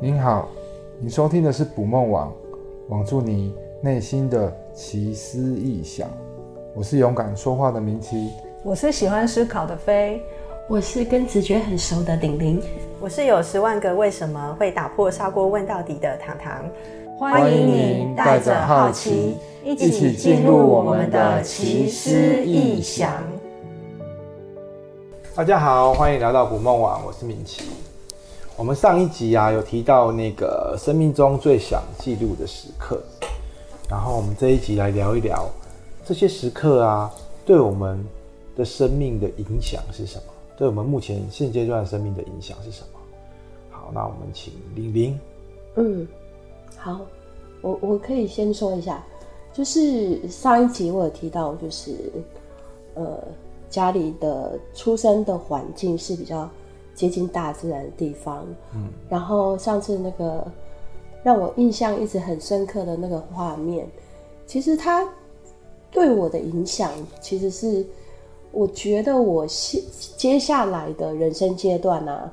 您好，您收聽的是夢王《捕夢網》，網住你內心的奇思異想。我是勇敢說話的明琪，我是喜歡思考的飛，我是跟直覺很熟的頂頂，我是有十萬個為什麼會打破砂鍋問到底的糖糖。歡迎您帶着好奇一起進入我們的奇思異想。嗯、大家好，歡迎來到《捕夢網》，我是明琪。我們上一集啊有提到那個生命中最想記錄的時刻，然後我們這一集來聊一聊這些時刻啊對我們的生命的影響是什麼？對我們目前現階段的生命的影響是什麼？好，那我們請冰冰。嗯，好，我我可以先說一下，就是上一集我有提到，就是呃家裡的出生的環境是比較接近大自然的地方，嗯，然後上次那個讓我印象一直很深刻的那個畫面，其實它對我的影響，其實是我覺得我接下來的人生階段啊，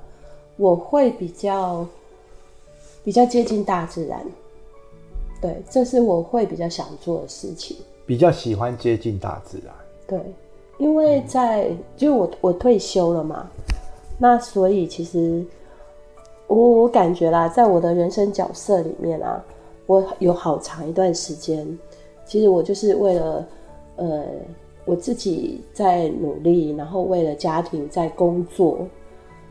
我會比較比較接近大自然，對，這是我會比較想做的事情，比較喜歡接近大自然，對，因為在、嗯、就我我退休了嘛。那所以其實，我我感覺啦，在我的人生角色裡面啊，我有好長一段時間，其實我就是為了呃我自己在努力，然後為了家庭在工作。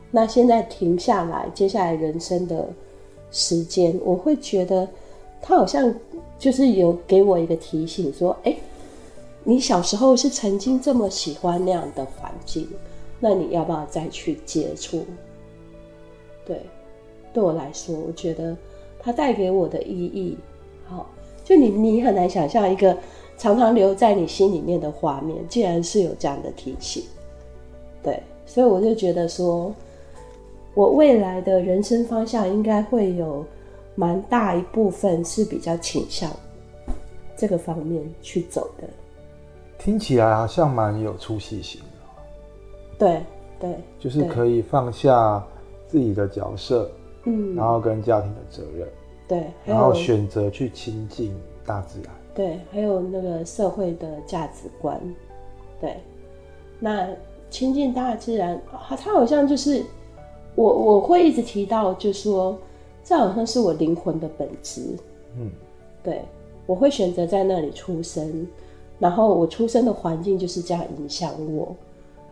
那現在停下來，接下來人生的時間，我會覺得他好像就是有給我一個提醒說，哎，你小時候是曾經這麼喜歡那樣的環境。那你要不要再去接觸？對，對我來說，我覺得它帶給我的意義，好，就你你很難想象一個常常留在你心裡面的畫面，竟然是有這樣的提醒。對，所以我就覺得說，我未來的人生方向應該會有蠻大一部分是比較傾向這個方面去走的。聽起來好像蠻有出息性。對對，對就是可以放下自己的角色，嗯，然後跟家庭的責任，對，然後選擇去親近大自然，對，還有那個社會的價值觀，對，那親近大自然，它好像就是我我會一直提到，就說這好像是我靈魂的本質，嗯，對，我會選擇在那裡出生，然後我出生的環境就是這樣影響我。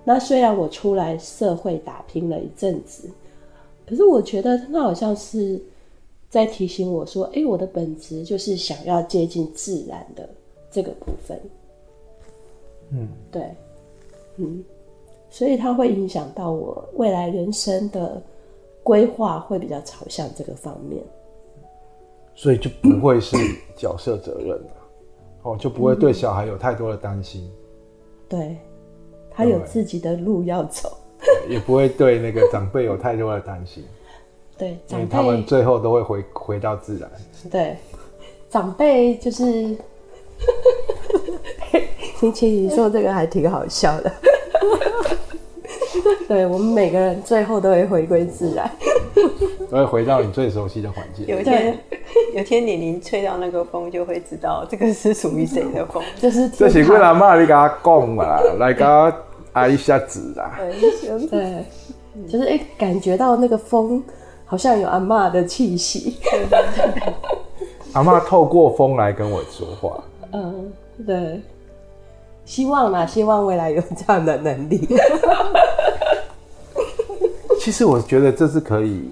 那雖然我出來社會打拼了一陣子，可是我覺得那好像是在提醒我說：“哎、欸，我的本質就是想要接近自然的這個部分。”嗯，對，嗯，所以它會影響到我未來人生的規劃，會比較朝向這個方面。所以就不會是角色責任了、啊，哦， 就不會對小孩有太多的擔心、嗯。對。他有自己的路要走對 也不會對那個長輩有太多的擔心。 對，所以他們最後都會回回到自然。對，長輩就是，聽起來你其實說這個還挺好笑的。 對，我們每個人最後都會回歸自然 ，都會回到你最熟悉的環境。有一有天你您吹到那個風，就會知道這個是屬於誰的風。就是這是阿你阿媽你給他講啦，來給他愛一下子啦。對，就是哎，感覺到那個風好像有阿媽的氣息。 阿媽透過風來跟我說話。嗯，對。希望嘛，希望未來有這樣的能力 其實我覺得這是可以。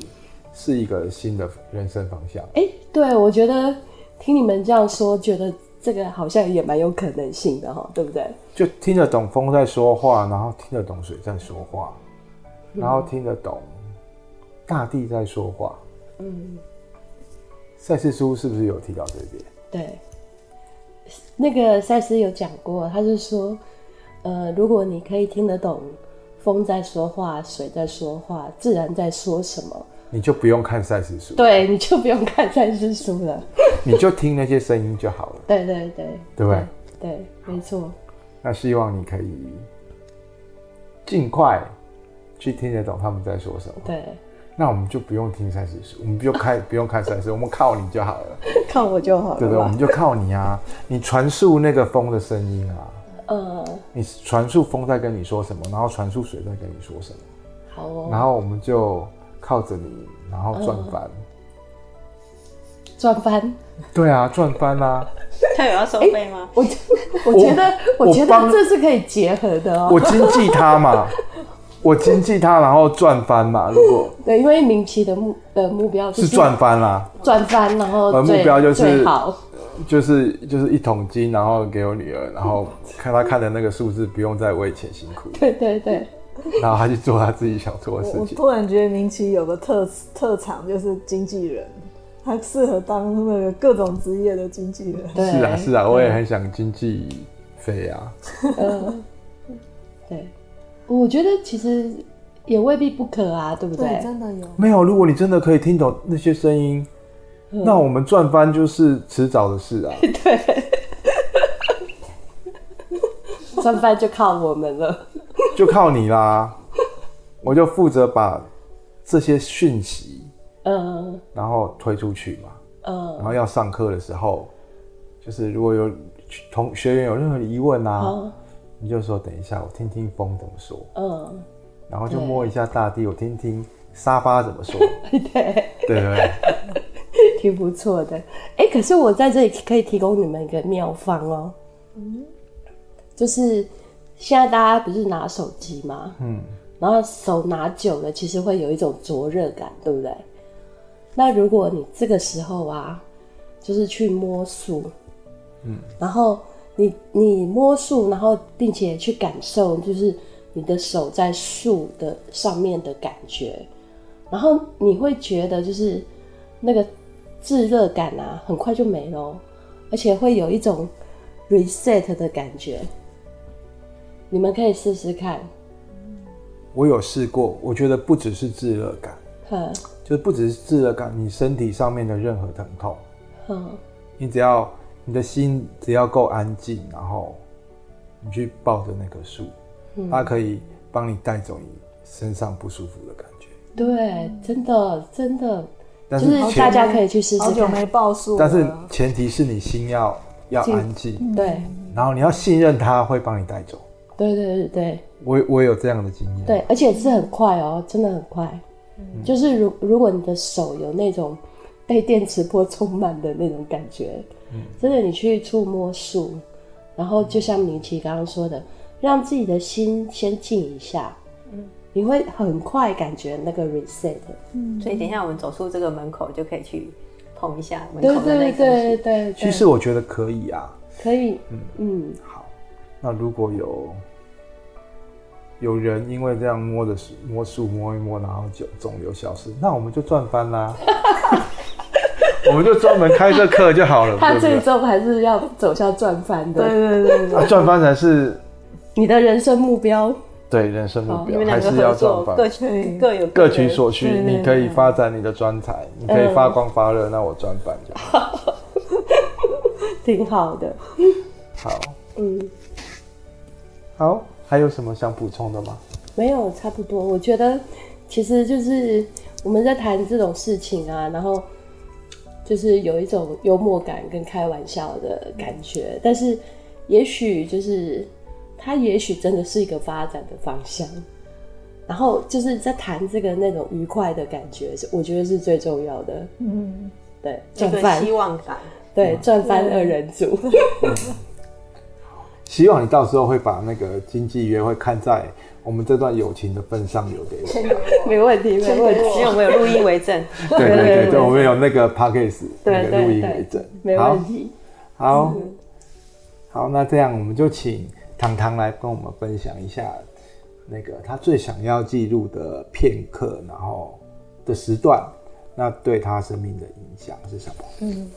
是一個新的人生方向，誒、欸，對，我覺得聽你們這樣說，覺得這個好像也蠻有可能性的哈，對不對？就聽得懂風在說話，然後聽得懂水在說話，嗯、然後聽得懂大地在說話。嗯，賽斯書是不是有提到這邊？對，那個賽斯有講過，他是說，呃，如果你可以聽得懂風在說話，水在說話，自然在說什麼？你就不用看《賽斯書》，對，你就不用看《賽斯書》了， 你就聽那些聲音就好了。對對對，對不對？對？對，沒錯。那希望你可以儘快去聽得懂他們在說什麼。對，那我們就不用聽《賽斯書》，我們就看不用看《賽斯》。我們靠你就好了，靠我就好了。對對，我們就靠你啊！你傳述那個風的聲音啊，呃，你傳述風在跟你說什麼，然後傳述水在跟你說什麼。好哦，然後我們就。靠着你，然後賺翻，賺翻，嗯。賺對啊，賺翻啦！他有要收費嗎？欸我？我覺得，我覺得這是可以結合的哦。我，我經紀他嘛， 我經紀他，然後賺翻嘛。如果對，因為明期的目的目標是賺翻啦，賺翻，然後目標就是標，就是，好，就是就是一桶金，然後給我女兒，然後看她看的那個數字， 不用再為錢辛苦。對對對。然後他去做他自己想做的事情。我，我突然覺得明奇有個特特長就是經紀人，他適合當那個各種職業的經紀人。對是啊是啊，我也很想經紀飛啊。嗯、 對，我覺得其實也未必不可啊，對不對？對真的有？沒有，如果你真的可以聽懂那些聲音，嗯、那我們賺翻就是遲早的事啊。對， 賺翻就靠我們了。就靠你啦， 我就負責把這些訊息，嗯，uh, 然後推出去嘛，嗯，uh, 然後要上課的時候，就是如果有同學員有任何疑問啊，uh, 你就說等一下，我聽聽風怎麼說，嗯，uh, 然後就摸一下大地，對我聽聽沙發怎麼說， 對，對對，不對，挺不錯的。欸，可是我在這裡可以提供你們一個妙方哦，嗯，就是。現在大家不是拿手機嗎？嗯，然後手拿久了，其實會有一種灼熱感，對不對？那如果你這個時候啊，就是去摸樹，嗯，然後你你摸樹，然後並且去感受，就是你的手在樹的上面的感覺，然後你會覺得就是那個炙熱感啊，很快就沒了，而且會有一種 reset 的感覺。你們可以試試看，我有試過，我覺得不只是炙熱感，嗯，就是不只是炙熱感，你身體上面的任何疼痛，嗯，你只要你的心只要夠安靜，然後你去抱着那棵樹，嗯、它可以幫你帶走你身上不舒服的感覺。對，真的真的，但是、哦、大家可以去試試，好久沒抱樹，但是前提是你心要要安靜，對，嗯、然後你要信任它會幫你帶走。對對對對，我也我也有這樣的經驗、啊。對，而且是很快哦、喔，嗯、真的很快。嗯、就是如如果你的手有那種被電磁波充滿的那種感覺，嗯，真的你去觸摸樹，然後就像明琪剛剛說的，嗯、讓自己的心先靜一下，嗯、你會很快感覺那個 reset。嗯，所以等一下我們走出這個門口就可以去碰一下門口的那東西，對，對對對對對，其實我覺得可以啊。可以。嗯嗯，嗯好，那如果有。有人因為這樣摸着摸樹摸一摸，然後就腫瘤消失。那我們就賺翻啦！我們就專門開個課就好了。他最終還是要走下賺翻的，對對對，賺翻才是你的人生目標。對人生目標，還是要賺翻，各有各取所需。你可以發展你的專才，你可以發光發熱，那我賺翻就挺好的。好，嗯，好。還有什麼想補充的嗎？沒有，差不多。我覺得，其實就是我們在談這種事情啊，然後就是有一種幽默感跟開玩笑的感覺，嗯、但是也許就是它，也許真的是一個發展的方向。嗯、然後就是在談這個那種愉快的感覺，我覺得是最重要的。嗯，對，賺翻飯希望飯，對，賺翻、嗯、二人組。嗯 希望你到時候會把那個經紀約，會看在我們這段友情的份上，留給我。 沒問題，真的，因為我們有錄音為證。 對對對對，我們有那個 podcast 的錄音為證。沒問題。好，好，嗯、好，那這樣我們就請唐唐來跟我們分享一下，那個他最想要記錄的片刻，然後的時段，那對他生命的影響是什麼？嗯。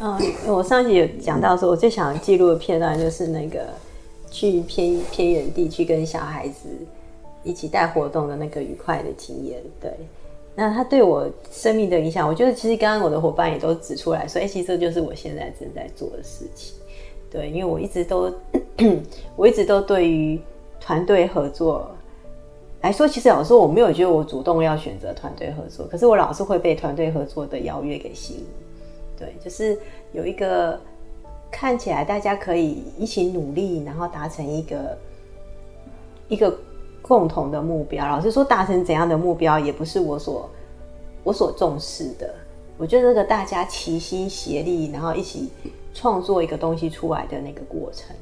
嗯，我上集有講到說，我最想記錄的片段就是那個去偏偏遠地區跟小孩子一起帶活動的那個愉快的經驗。對，那他對我生命的影響，我覺得其實剛剛我的夥伴也都指出來，說其實這就是我現在正在做的事情。對，因為我一直都，咳咳我一直都對於團隊合作來說，其實老實說我沒有覺得我主動要選擇團隊合作，可是我老是會被團隊合作的邀約給吸引。對，就是有一個看起來大家可以一起努力，然後達成一個一個共同的目標。老實說，達成怎樣的目標也不是我所我所重視的。我覺得那個大家齊心協力，然後一起創作一個東西出來的那個過程，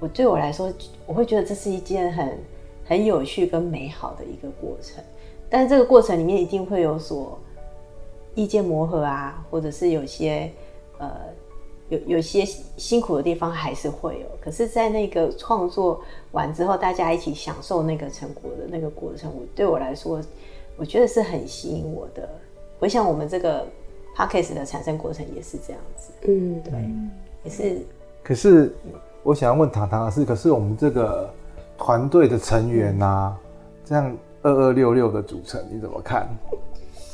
我對我來說，我會覺得這是一件很很有趣跟美好的一個過程。但是這個過程裡面一定會有所意見磨合啊，或者是有些呃，有有些辛苦的地方還是會有。可是，在那個創作完之後，大家一起享受那個成果的那個過程，我對我來說，我覺得是很吸引我的。回想我們這個 podcast 的產生過程也是這樣子，嗯，對，嗯、也是。可是，我想要問唐唐老師，可是我們這個團隊的成員啊，嗯、這樣2266的組成，你怎麼看？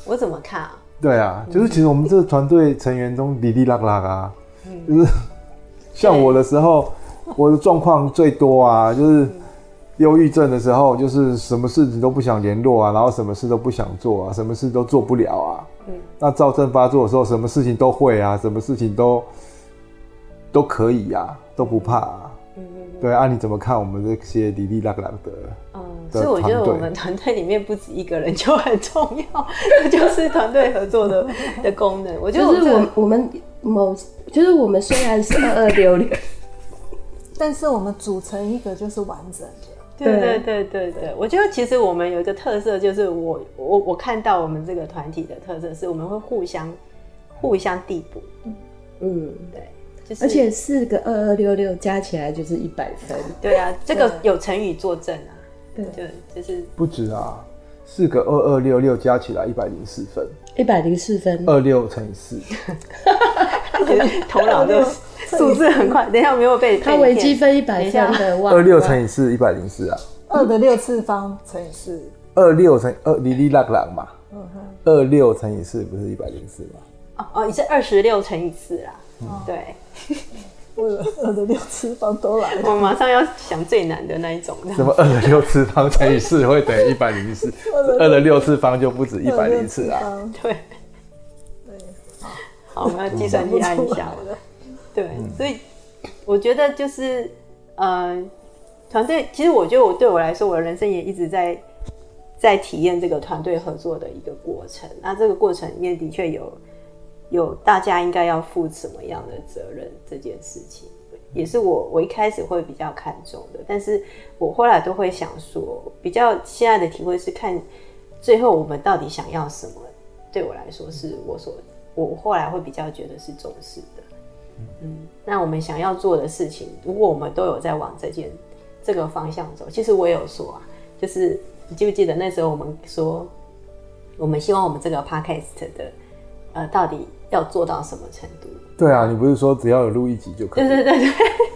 我怎麼看啊？對啊，就是其實我們這個團隊成員中，里里拉拉啊，嗯、就是像我的時候，對我的狀況最多啊，就是憂鬱症的時候，就是什麼事情都不想聯絡啊，然後什麼事都不想做啊，什麼事都做不了啊。嗯。那躁症發作的時候，什麼事情都會啊，什麼事情都都可以啊，都不怕啊。嗯嗯。對啊，你怎麼看我們這些里里拉拉的？嗯，所以我覺得我們團隊裡面不止一個人就很重要，這 就是團隊合作的的功能。我，我就是我們我們某就是我們雖然是二二六六，但是我們組成一個就是完整的。對對對對對，我覺得其實我們有一個特色，就是我我我看到我們這個團體的特色，是我們會互相互相遞補。嗯，對，就是，而且四個二二六六加起來就是一百分。對啊，這個有成語作證啊。對，就是不止啊，四個二二六六加起來一百零四分，一百零四分，二六乘以四，頭腦的數字很快。等一下，我沒有背，它為積分一百，這樣的忘，二六乘以四一百零四啊，二的六次方乘以四，二六乘以二 l i l a 狼嘛，二六乘以四不是一百零四嗎？哦哦，你是二十六乘以四啦，對。二的，的六次方都來了。我馬上要想最難的那一種。什麼二的六次方乘以四會等於一百零四？二的六次方就不止一百零四啊！對，對對好，我們要計算力按一下。嗯、對，所以我覺得就是，嗯、呃，團隊其實我覺得我對我來說，我的人生也一直在在體驗這個團隊合作的一個過程。那這個過程也的確有。有大家應該要負什麼樣的責任這件事情，也是我我一開始會比較看重的。但是我後來都會想說，比較現在的體會是看最後我們到底想要什麼。對我來說，是我所我後來會比較覺得是重視的。嗯、嗯、嗯，那我們想要做的事情，如果我們都有在往這件這個方向走，其實我也有說啊，就是你記不記得那時候我們說，我們希望我們這個 podcast 的呃到底。要做到什麼程度？對啊，你不是說只要有錄一集就可以？對對對對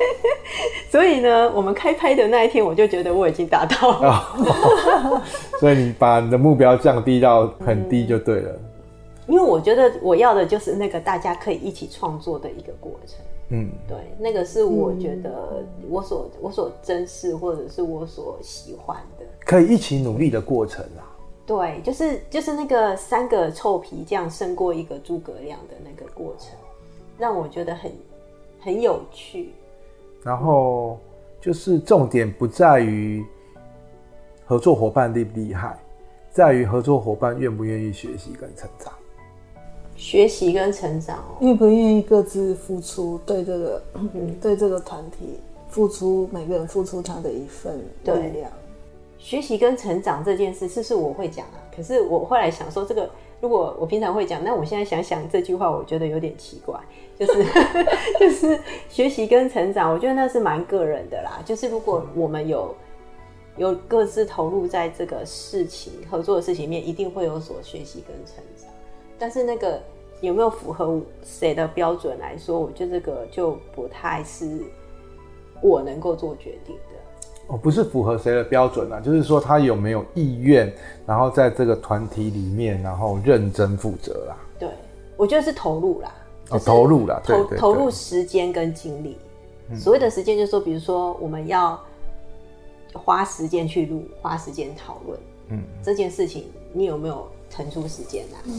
所以呢，我們開拍的那一天，我就覺得我已經達到了。哦。 所以你把你的目標降低到很低就對了。嗯。因為我覺得我要的就是那個大家可以一起創作的一個過程。嗯，對，那個是我覺得我所我所珍視或者是我所喜歡的，可以一起努力的過程啊。對，就是就是那個三個臭皮匠勝過一個諸葛亮的那個過程，讓我覺得很很有趣。然後就是重點不在於合作夥伴厲不厲害，在於合作夥伴願不願意學習跟成長，學習跟成長哦，願不願意各自付出，對這個、嗯、對這個團體付出，每個人付出他的一份力量。對對學習跟成長這件事，是是我會講啊？可是我後來想說，這個如果我平常會講，那我現在想想這句話，我覺得有點奇怪。就是 就是學習跟成長，我覺得那是蠻個人的啦。就是如果我們有有各自投入在這個事情、合作的事情裡面，一定會有所學習跟成長。但是那個有沒有符合誰的標準來說，我覺得這個就不太是我能夠做決定的。哦，不是符合誰的標準啊，就是說他有沒有意願，然後在這個團體裡面，然後認真負責啦、啊。對，我覺得是投入啦。就是、哦，投入啦，投投入時間跟精力。嗯、所謂的時間，就是說，比如說我們要花時間去錄，花時間討論。嗯，這件事情你有沒有騰出時間呢、啊？嗯，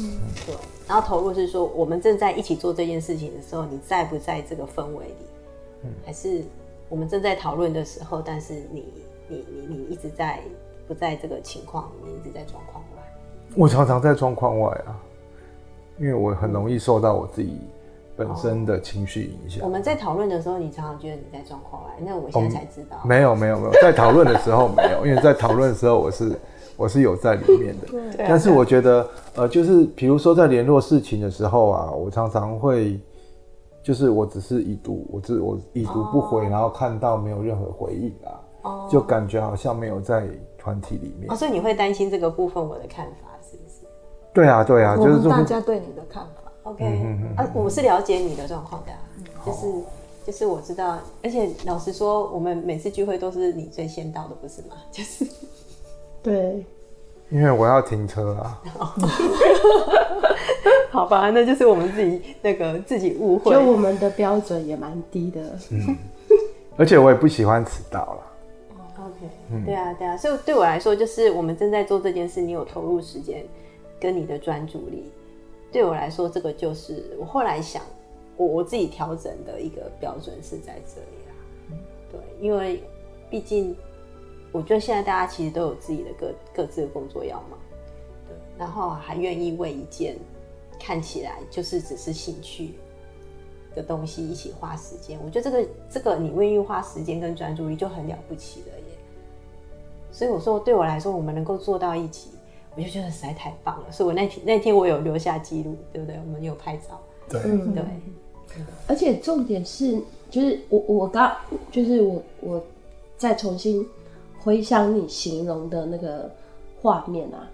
對。然後投入是說，我們正在一起做這件事情的時候，你在不在這個氛圍裡？嗯，還是？我們正在討論的時候，但是你你你你一直在不在這個情況裡面，你一直在狀況外。我常常在狀況外啊，因為我很容易受到我自己本身的情緒影響、哦。我們在討論的時候，你常常覺得你在狀況外，那我現在才知道。哦、沒有沒有沒有，在討論的時候沒有， 因為在討論的時候我是我是有在裡面的。 對、啊。但是我覺得呃，就是比如說在聯絡事情的時候啊，我常常會。就是我只是已讀，我只我已讀不回，哦、然後看到沒有任何回應啊，哦、就感覺好像沒有在團體裡面、哦。所以你會擔心這個部分？我的看法是不是？對啊，對啊，就是大家對你的看法。OK，呃，我是了解你的狀況的、啊，嗯、就是就是我知道，而且老實說，我們每次聚會都是你最先到的，不是嗎？就是對。因為我要停車啊， 好吧，那就是我們自己那個自己誤會，就我們的標準也蠻低的， 嗯。而且我也不喜歡遲到了。OK。嗯，對啊，對啊，所以對我來說，就是我們正在做這件事，你有投入時間跟你的專注力，對我來說，這個就是我後來想，我自己調整的一個標準是在這裡啦。對，因為畢竟。我覺得現在大家其實都有自己的各各自的工作要忙，對，然後還願意為一件看起來就是只是興趣的東西一起花時間，我覺得這個這個你願意花時間跟專注力就很了不起了耶。所以我說對我來說，我們能夠做到一起，我就覺得實在太棒了。所以我那天那天我有留下記錄，對不對？我們有拍照，對對。對對而且重點是，就是我我剛就是我我再重新。回想你形容的那個畫面啊，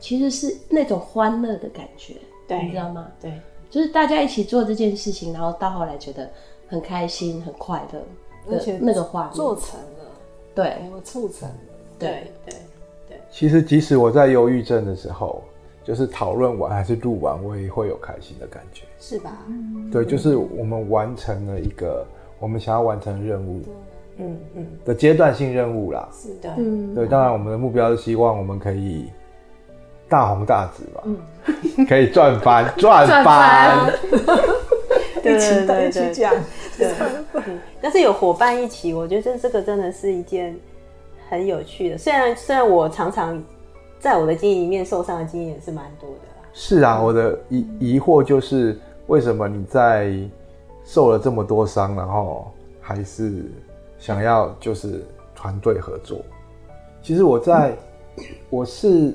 其實是那種歡樂的感覺，對你知道嗎？對，就是大家一起做這件事情，然後到後來覺得很開心、很快樂。而且那個畫面做成了，對，我促成了，對，對對對。對，其實即使我在憂鬱症的時候，就是討論完還是錄完，我也會有開心的感覺，是吧？嗯、對，對，就是我們完成了一個我們想要完成的任務。嗯嗯的階段性任務啦，是的，對,嗯、對，當然我們的目標是希望我們可以大紅大紫吧，嗯， 可以賺翻賺翻，對，對，一起這樣，對，但是有夥伴一起，我覺得這這個真的是一件很有趣的。雖然雖然我常常在我的經營裡面受傷的經驗也是蠻多的啦，是啊，我的疑、嗯、疑惑，就是為什麼你在受了這麼多傷，然後還是。想要就是團隊合作。其實我在，我是，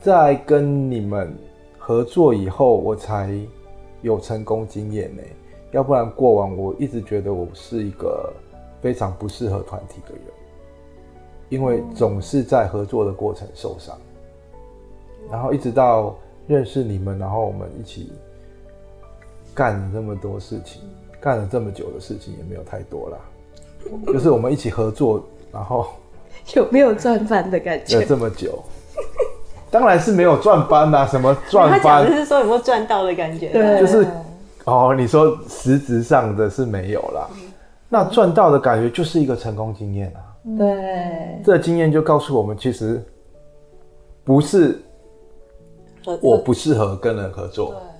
在跟你們合作以後，我才有成功經驗呢。要不然過往我一直覺得我是一個非常不適合團體的人，因為總是在合作的過程受傷。然後一直到認識你們，然後我們一起幹了這麼多事情，幹了這麼久的事情也沒有太多啦。就是我們一起合作，然後有沒有賺翻的感覺？有這麼久，當然是沒有賺翻啊 什麼賺翻？ 就是說有沒有賺到的感覺，啊？對，就是哦。你說實質上的是沒有啦。嗯、那賺到的感覺就是一個成功經驗啊。對，這經驗就告訴我們，其實不是我不適合跟人合作，合作嗯，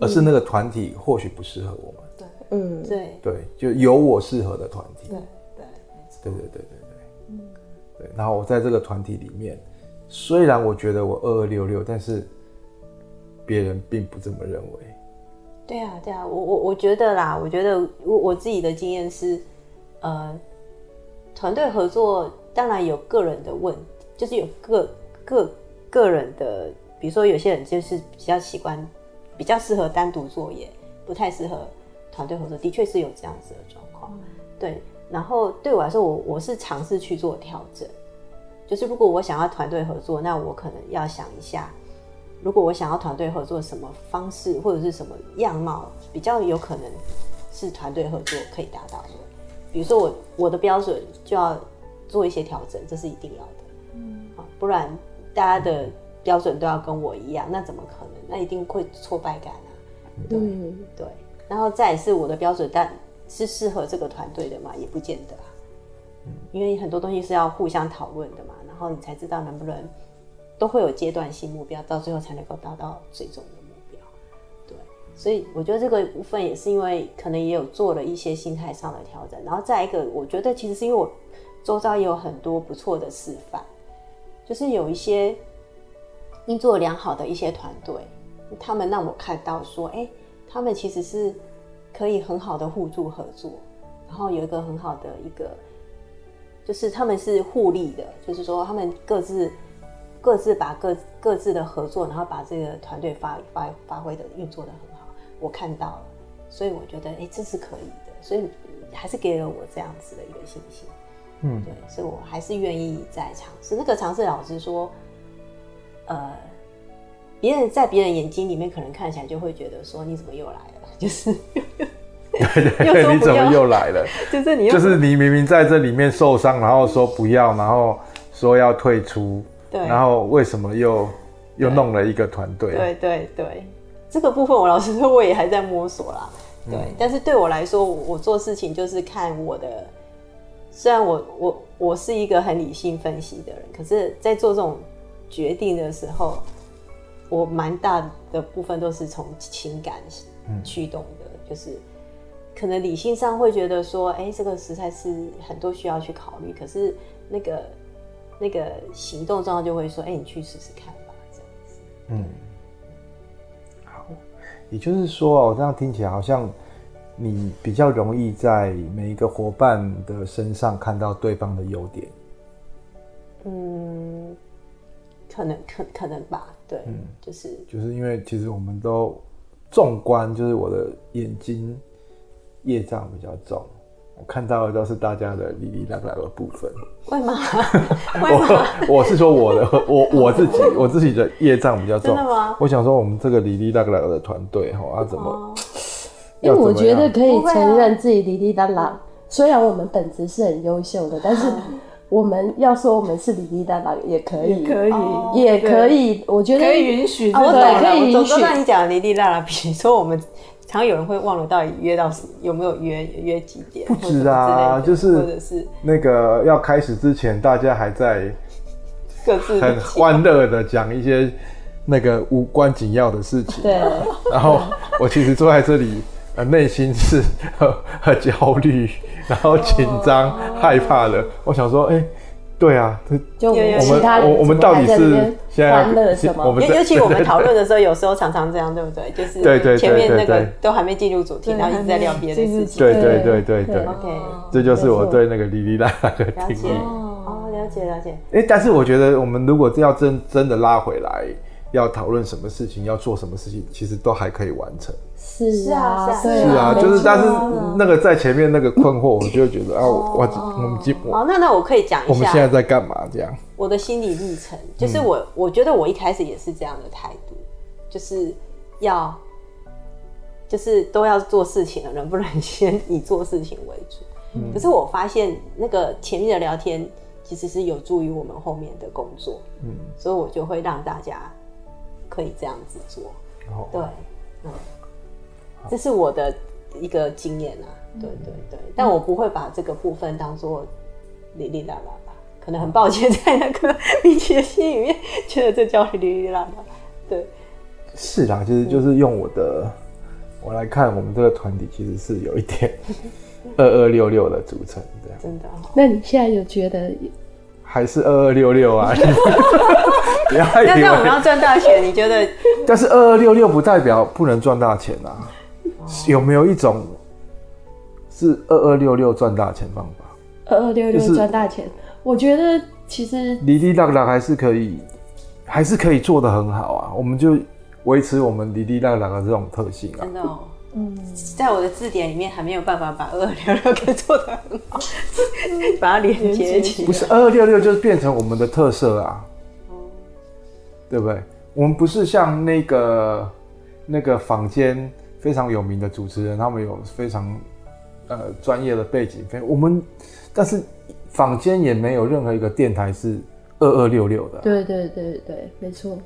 而是那個團體或許不適合我們。嗯，對對，就有我適合的團體。對對，對對對對對，對嗯，對。然後我在這個團體裡面，雖然我覺得我二二六六，但是別人並不這麼認為。對啊，對啊，我我我覺得啦，我覺得我我自己的經驗是，呃，團隊合作當然有個人的問，就是有個個個人的，比如說有些人就是比較習慣，比較適合單獨作業，不太適合。團隊合作的確是有這樣子的狀況，嗯、對。然後對我來說，我我是嘗試去做調整，就是如果我想要團隊合作，那我可能要想一下，如果我想要團隊合作，什麼方式或者是什麼樣貌比較有可能是團隊合作可以達到的？比如說我我的標準就要做一些調整，這是一定要的，嗯，不然大家的標準都要跟我一樣，那怎麼可能？那一定會挫敗感啊，對、嗯、對。然後再也是我的標準，但是適合這個團隊的嘛，也不見得、啊。因為很多東西是要互相討論的嘛，然後你才知道能不能，都會有階段性目標，到最後才能夠達到最終的目標。對，所以我覺得這個部分也是因為可能也有做了一些心態上的調整。然後再一個，我覺得其實是因為我周遭也有很多不錯的示範，就是有一些運作良好的一些團隊，他們讓我看到說，哎。他們其實是可以很好的互助合作，然後有一個很好的一個，就是他們是互利的，就是說他們各自各自把各各自的合作，然後把這個團隊發發發揮的運作得很好，我看到了，所以我覺得哎、欸，這是可以的，所以還是給了我這樣子的一個信心，嗯，對，所以我還是願意再嘗試。那個嘗試老師說，呃。別人在別人眼睛裡面可能看起來就會覺得說，你怎麼又來了？就是，對對對， 不你怎麼又來了？ 就是你就是你明明在這裡面受傷，然後說不要，然後說要退出，對，然後為什麼又又弄了一個團隊啊？對對對，這個部分我老實說我也還在摸索啦。對，嗯，但是對我來說我，我做事情就是看我的。雖然我我我是一個很理性分析的人，可是在做這種決定的時候。我蠻大的部分都是從情感驅動的，就是可能理性上會覺得說，哎、欸，這個實在是很多需要去考慮，可是那個那個行動上就會說，哎、欸，你去試試看吧，這樣子。嗯，好，也就是說、哦，我這樣聽起來好像你比較容易在每一個夥伴的身上看到對方的優點。嗯，可能可可能吧。對，嗯、就是就是因為其實我們都縱觀，就是我的眼睛業障比較重，我看到的都是大家的哩哩啦啦的部分。會嗎？ 我會嗎，我是說我的我 我自己我自己的業障比較重，我想說我們這個哩哩啦啦的團隊哈，啊怎麼？哦、怎麼因為我覺得可以承認自己哩哩啦啦。啊、雖然我們本質是很優秀的，但是。 我們要說我們是滴滴答答也可以，可以也可以，我覺得可以允許、啊。我懂了。我總之，那你講滴滴答答，比如說我們，常有人會忘了到底約到有沒有約約幾點，不知啊，的就是是那個要開始之前，大家還在各自很歡樂的講一些那個無關緊要的事情、啊。對，然後我其實坐在這裡。呃，內心是很很焦慮，然後緊張、害怕了。我想說，哎，對啊，就我們我們到底是現在歡樂什麼？尤尤其我們討論的時候，有時候常常這樣，對不對？就是對對對。前面那個都還沒進入主題，然後一直在聊別的事情。對對對對對。OK，這就是我對那個莉莉娜的個經歷。哦哦，了解了解。哎，但是我覺得，我們如果要真真的拉回來，要討論什麼事情，要做什麼事情，其實都還可以完成。是啊，是啊，就是，但是那個在前面那個困惑，我就會覺得啊，我我們進步哦，那那我可以講一下，我們現在在幹嘛？這樣，我的心理歷程就是我，我覺得我一開始也是這樣的態度，就是要，就是都要做事情了，能不能先以做事情為主？可是我發現那個前面的聊天其實是有助於我們後面的工作，嗯，所以我就會讓大家可以這樣子做，對，嗯。這是我的一個經驗啊，對對對，嗯、但我不會把這個部分當作哩哩啦啦吧，可能很抱歉，在那個密切的心裡面，覺得這叫哩哩啦、啦啦。對，是啦，其、就、實、是、就是用我的、嗯、我來看，我們這個團體其實是有一點二二六六的組成這樣。對真的。啊？那你現在有覺得還是二二六六啊？但是 那我們要賺大錢，你覺得？但是二二六六不代表不能賺大錢啊。哦、有沒有一種是二二六六賺大錢方法？二二六六賺大錢，就是、我覺得其實離離拉拉還是可以，還是可以做得很好啊。我們就維持我們離離拉拉的這種特性啊。真的、哦，嗯，在我的字典裡面還沒有辦法把二二六六給做得很好， 把它連結起來。連結起來。不是二二六六，就是變成我們的特色啊。嗯、對不對？我們不是像那個那個坊間。非常有名的主持人，他們有非常呃專業的背景。我們，但是坊間也沒有任何一個電台是二二六六的。對對對對，沒錯。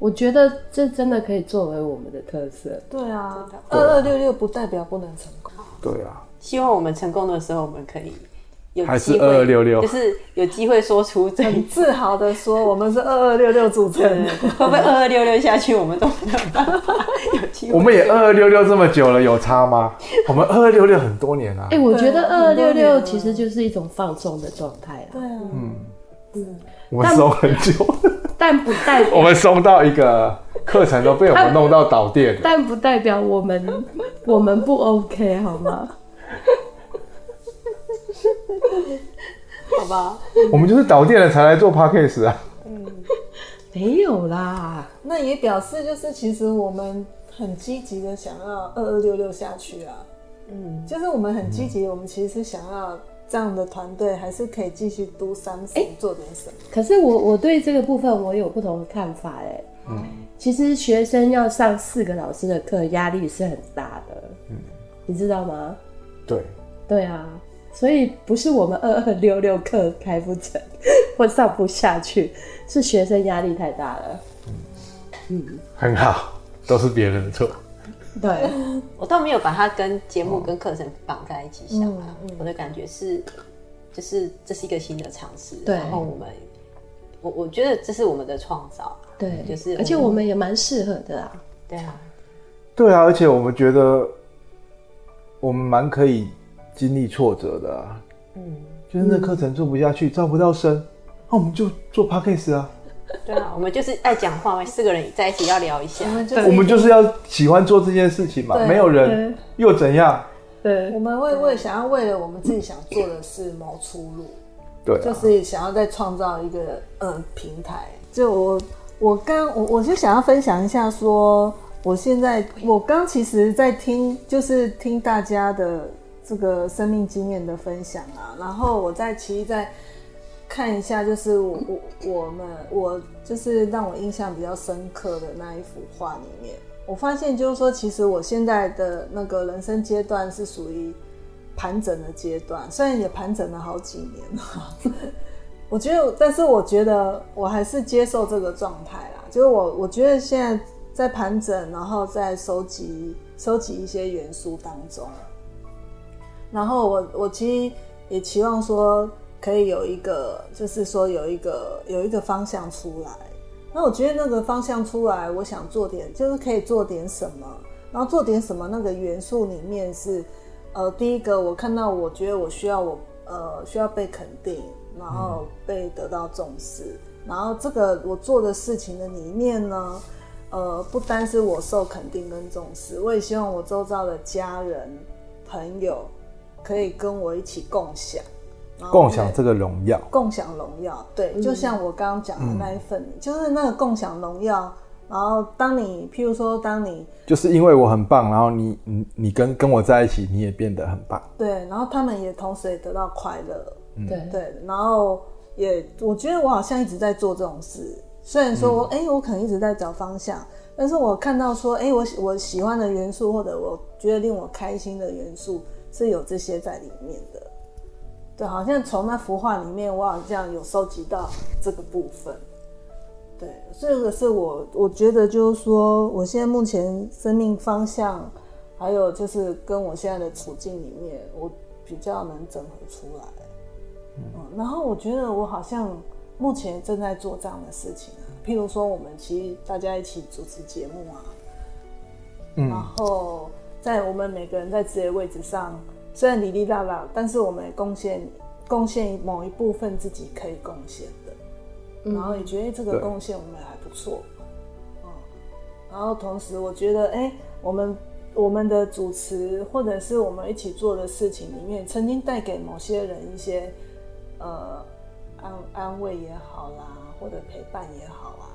我覺得這真的可以作為我們的特色。對啊，二二六六不代表不能成功。對啊。對啊，希望我們成功的時候，我們可以。還是二二六六，就是有機會說出最很自豪的說，我們是二二六六組成的，的 會不會二二六六下去我們都？有機會。我們也二二六六這麼久了，有差嗎？我們二二六六很多年了，啊。哎，欸，我覺得二二六六其實就是一種放鬆的狀態了對，嗯嗯，我們鬆很久，但不代表我們鬆到一個課程都被我們弄到導電，但不代表我們我們不 OK 好嗎？ 好吧， 我們就是導電了才來做 podcast 啊。 嗯，沒有啦，那也表示就是其實我們很積極的想要二二六六下去啊。嗯，就是我們很積極，我們其實是想要這樣的團隊還是可以繼續多三哎，做點什麼。欸、可是我我對這個部分我有不同的看法，哎、欸。嗯，其實學生要上四個老師的課壓力是很大的。嗯，你知道嗎？對，對啊。所以不是我們二二六六課開不成或上不下去，是學生壓力太大了。嗯，嗯，很好，都是別人的錯。對，嗯、我倒沒有把它跟節目跟課程綁在一起想啊。嗯，嗯、我的感覺是，就是這是一個新的嘗試、啊。對，然後我們，我我覺得這是我們的創造、啊。對，就是而且我們也蠻適合的啊。對啊，對啊，而且我們覺得我們蠻可以經歷挫折的、啊，嗯，就是那課程做不下去，招不到生，那、嗯啊、我們就做 Podcast 啊。對啊，我們就是愛講話嘛， 四個人在一起要聊一下，我們就我們就是要喜歡做這件事情嘛。對沒有人對又怎樣？對，對我們會為對我也想要為了我們自己想做的事，謀出路，對，就是想要再創造一個呃平台。就我我剛我我就想要分享一下說，說我現在我剛其實在聽，就是聽大家的。這個生命經驗的分享啊，然後我再其實再看一下，就是我我我們我就是讓我印象比較深刻的那一幅畫裡面，我發現就是說，其實我現在的那個人生階段是屬於盤整的階段，雖然也盤整了好幾年，呵呵，我覺得，但是我覺得我還是接受這個狀態啦。就是我我覺得現在在盤整，然後在收集收集一些元素當中。然後我我其實也期望說可以有一個，就是說有一個有一個方向出來。那我覺得那個方向出來，我想做點，就是可以做點什麼。然後做點什麼那個元素裡面是，呃，第一個我看到，我覺得我需要我呃需要被肯定，然後被得到重視。嗯。然後這個我做的事情的裡面呢，呃，不單是我受肯定跟重視，我也希望我周遭的家人朋友。可以跟我一起共享，共享這個榮耀，共享榮耀。對，嗯、就像我剛剛講的那一份，嗯、就是那個共享榮耀。然後，當你，譬如說，當你就是因為我很棒，然後你，你，你跟跟我在一起，你也變得很棒。對，然後他們也同時也得到快樂。對、嗯、對，然後也，我覺得我好像一直在做這種事。雖然說我，哎、嗯欸，我可能一直在找方向，但是我看到說，哎、欸，我我喜歡的元素，或者我覺得令我開心的元素。是有這些在裡面的，對，好像從那幅畫裡面，我好像有收集到這個部分，對，所以這個是我，我覺得就是說，我現在目前生命方向，還有就是跟我現在的處境裡面，我比較能整合出來，嗯,嗯，然後我覺得我好像目前正在做這樣的事情啊，譬如說我們其實大家一起主持節目啊，嗯，然後。在我們每個人在自己的位置上，雖然哩哩啦啦，但是我們貢獻貢獻某一部分自己可以貢獻的，嗯、然後也覺得、欸、這個貢獻我們還不錯對、嗯，然後同時我覺得，哎、欸，我們我們的主持，或者是我們一起做的事情裡面，曾經帶給某些人一些呃安安慰也好啦，或者陪伴也好啊。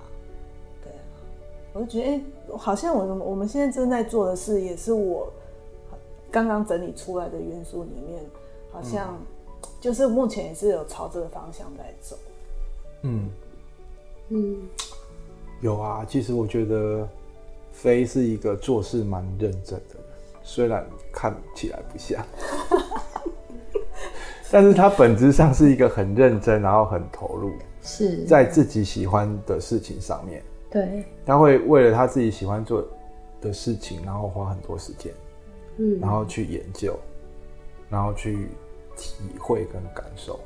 我就覺得，哎、欸，好像我們我們現在正在做的事，也是我剛剛整理出來的元素裡面，好像就是目前也是有朝這個方向在走。嗯，嗯，有啊。其實我覺得飛是一個做事蠻認真的，雖然看起來不像， 但是他本質上是一個很認真，然後很投入，是的在自己喜歡的事情上面。對，他會為了他自己喜歡做的事情，然後花很多時間，嗯，然後去研究，然後去體會跟感受，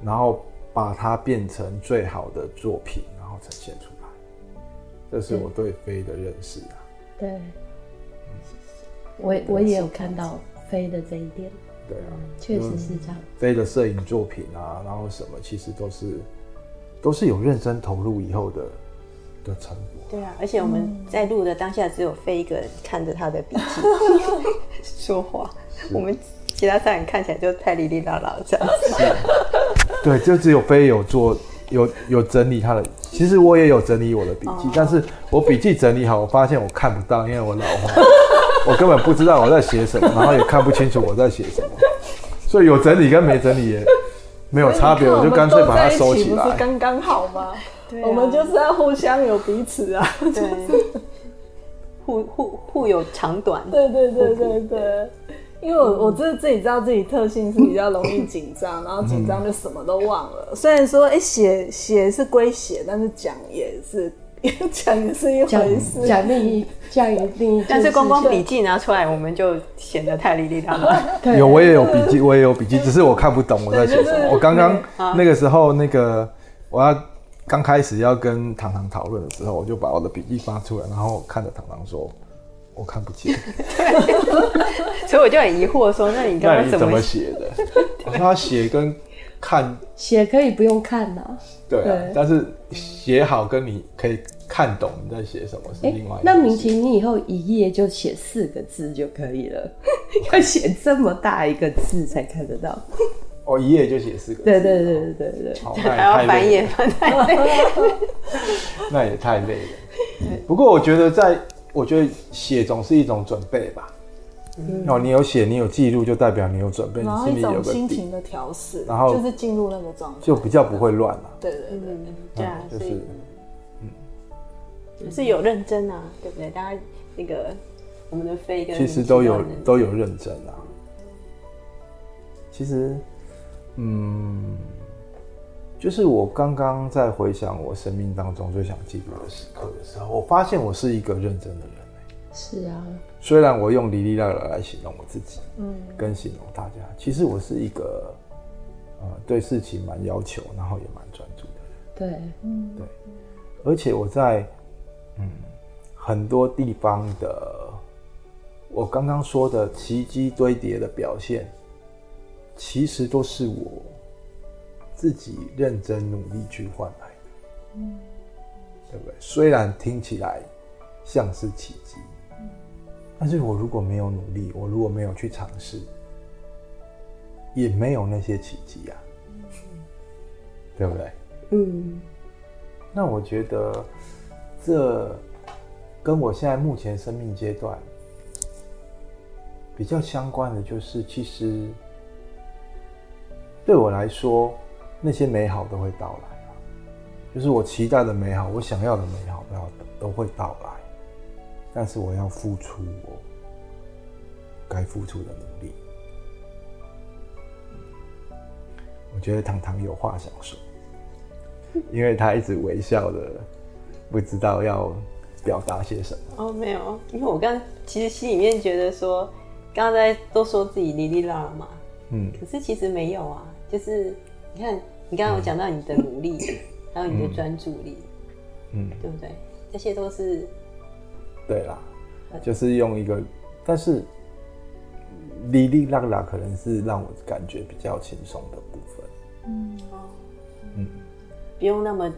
然後把它變成最好的作品，然後呈現出來。這是我對飛的認識啊。對，對嗯、我我也有看到飛的這一點。對啊，確實是這樣。飛的攝影作品啊，然後什麼，其實都是都是有認真投入以後的。對啊，而且我們在錄的當下，只有飛一個人看着他的筆記、嗯、 說話，是我們其他三人看起來就太理理叨老、老這樣子。對，就只有飛有做有有整理他的，其實我也有整理我的筆記，哦、但是我筆記整理好，我發現我看不到，因為我老花， 我根本不知道我在寫什麼，然後也看不清楚我在寫什麼，所以有整理跟沒整理也沒有差別，我就乾脆把它收起來，不是剛剛好嗎？我們就是要互相有彼此啊，互互互有長短。對對對對對，因為我我自自己知道自己特性是比較容易緊張，然後緊張就什麼都忘了。雖然說哎寫寫是歸寫，但是講也是講也是一回事。講另一講另一，但是光光筆記拿出來，我們就顯得太立立他了。有我也有筆記，我也有筆記，只是我看不懂我在寫什麼。我剛剛那個時候那個我要。剛開始要跟糖糖討論的時候，我就把我的筆記發出來，然後我看着糖糖說：“我看不見。”所以我就很疑惑說：“那你剛剛怎麼寫的？” 對 我說他寫跟看寫可以不用看吶、啊。對啊，對但是寫好跟你可以看懂你在寫什麼是另外一個、欸。那明婷，你以後一頁就寫四個字就可以了， 要寫這麼大一個字才看得到。 哦，一頁就寫四個？對對對對對對，還要翻頁翻繁衍，那也太累了。不過我覺得，在我覺得寫總是一種準備吧。然後你有寫，你有記錄，就代表你有準備。你然後一種心情的調試，然後就是進入那個狀態，就比較不會亂了。對對對對對啊！就是是有認真啊，對不對？大家那個我們的飛哥其實都有都有認真啊。其實。嗯，就是我剛剛在回想我生命當中最想記錄的時刻的時候，我發現我是一個認真的人欸。是啊，雖然我用“離離落落”來形容我自己，嗯，跟形容大家，其實我是一個呃對事情蠻要求，然後也蠻專注的人。對，嗯，對，而且我在嗯很多地方的我剛剛說的奇蹟堆疊的表現。其實都是我自己認真努力去換來的，對不對？雖然聽起來像是奇蹟，嗯、但是我如果沒有努力，我如果沒有去嘗試，也沒有那些奇蹟呀、啊，嗯、對不對？嗯。那我覺得這跟我現在目前生命階段比較相關的，就是其實。對我來說，那些美好都會到來啊，就是我期待的美好，我想要的美好的，都要都會到來。但是我要付出我該付出的努力。我覺得唐唐有話想說，因為他一直微笑的，不知道要表達些什麼。哦，沒有，因為我剛其實心裡面覺得說，剛才都說自己離離啦嘛。嗯，可是其實沒有啊，就是你看，你剛剛有講到你的努力，還有你的專注力，嗯，對不對？這些都是對啦，就是用一個，但是哩哩啦啦可能是讓我感覺比較輕鬆的部分，不用那麼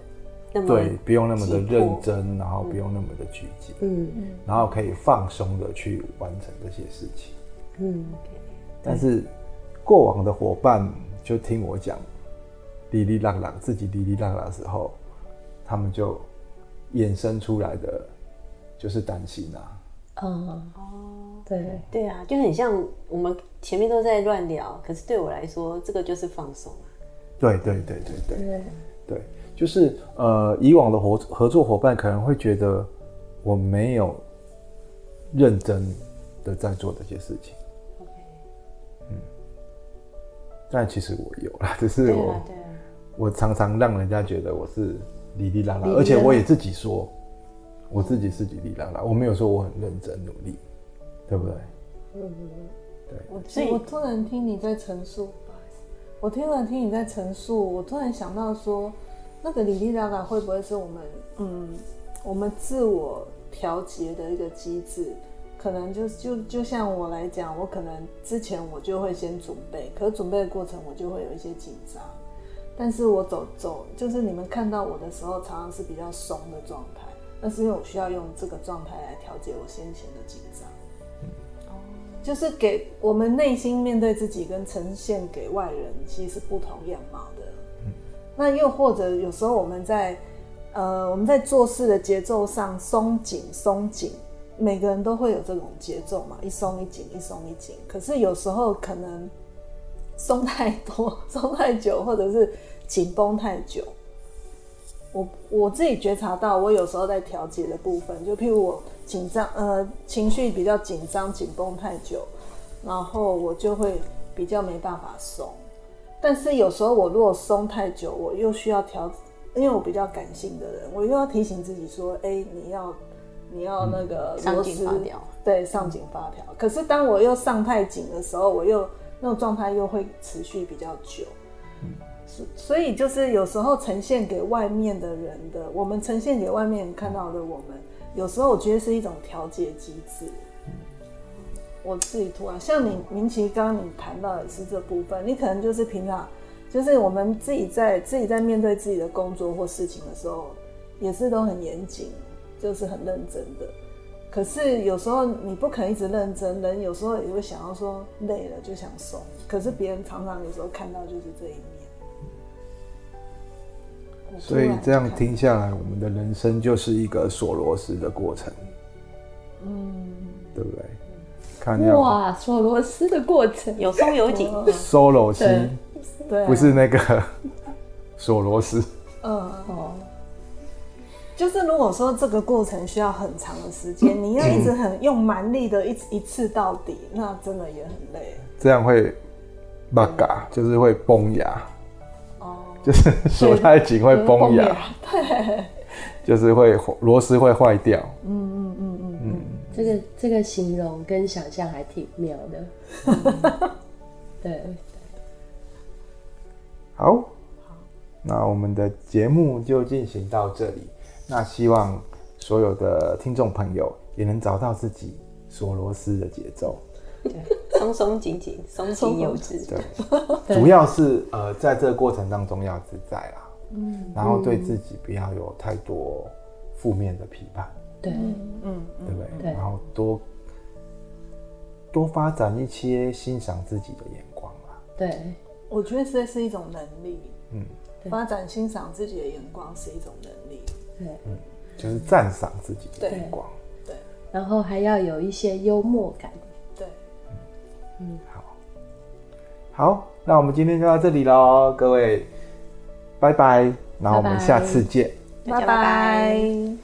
那麼對，不用那麼的認真，然後不用那麼的拘謹，嗯嗯，然後可以放鬆的去完成這些事情，嗯，但是。過往的夥伴就聽我講，跌跌浪浪，自己跌跌浪浪的時候，他們就衍生出來的就是擔心啊。嗯哦，嗯對對啊，就很像我們前面都在亂聊，可是對我來說，這個就是放鬆嘛，啊。對對對對對對，對對就是呃，以往的合合作夥伴可能會覺得我沒有認真的在做這些事情。但其實我有啦，只是我、啊啊、我常常讓人家覺得我是哩哩啦啦、拉拉，而且我也自己說，我自己是哩哩啦啦。嗯、我沒有說我很認真努力，對不對？嗯哼，對。我所以我突然聽你在陳述，不好意思，我突然聽你在陳述，我突然想到說，那個哩哩啦啦會不會是我們嗯，我們自我調節的一個機制？可能就就就像我來講，我可能之前我就會先準備，可是準備的過程我就會有一些緊張。但是我走走，就是你們看到我的時候，常常是比較鬆的狀態，那是因為我需要用這個狀態來調節我先前的緊張。嗯。就是給我們內心面對自己跟呈現給外人其實是不同樣貌的。嗯。那又或者有時候我們在，呃，我們在做事的節奏上鬆緊鬆緊。每個人都會有這種節奏嘛，一鬆一緊，一鬆一緊。可是有時候可能鬆太多、鬆太久，或者是緊繃太久。我我自己覺察到，我有時候在調節的部分，就譬如我緊張，呃，情緒比較緊張、緊繃太久，然後我就會比較沒辦法鬆。但是有時候我如果鬆太久，我又需要調，因為我比較感性的人，我又要提醒自己說：“哎，你要。”你要那個上緊發條，對，上緊發條。可是當我又上太緊的時候，我又那種狀態又會持續比較久。所所以就是有時候呈現給外面的人的，我們呈現給外面看到的我們，有時候我覺得是一種調節機制。我自己突然像你明奇，剛剛你談到的是這部分，你可能就是平常就是我們自己在自己在面對自己的工作或事情的時候，也是都很嚴謹。就是很認真的，可是有時候你不肯一直認真，人有時候也會想要說累了就想鬆。可是別人常常有時候看到就是這一面，所以這樣聽下來，我們的人生就是一個鎖螺絲的過程，嗯，對不對？看哇，鎖螺絲的過程有鬆有緊， 索羅斯，對，不是那個鎖螺絲，嗯，好 就是如果說這個過程需要很長的時間，你要一直很用蠻力的一一次到底，嗯、那真的也很累。這樣會 bug，、嗯、就是會崩牙。哦、嗯。就是鎖太緊會崩牙。對。就是會螺絲會壞掉。嗯嗯嗯嗯。這個這個形容跟想象還挺妙的。對、嗯嗯、 對。對好。好那我們的節目就進行到這裡。那希望所有的聽眾朋友也能找到自己索羅斯的節奏，對，松鬆緊緊，鬆緊有致。對，主要是呃，在這個過程當中要自在啦，嗯，然後對自己不要有太多負面的批判，嗯、對，對嗯，嗯，對不對？對然後多多發展一些欣賞自己的眼光嘛。對，我覺得這是一種能力，嗯，對發展欣賞自己的眼光是一種能力。對，嗯，就是讚賞自己的眼光，對，對，然後還要有一些幽默感，對，嗯，嗯，好，好，那我們今天就到這裡咯，各位，拜拜，然後我們下次見，拜拜。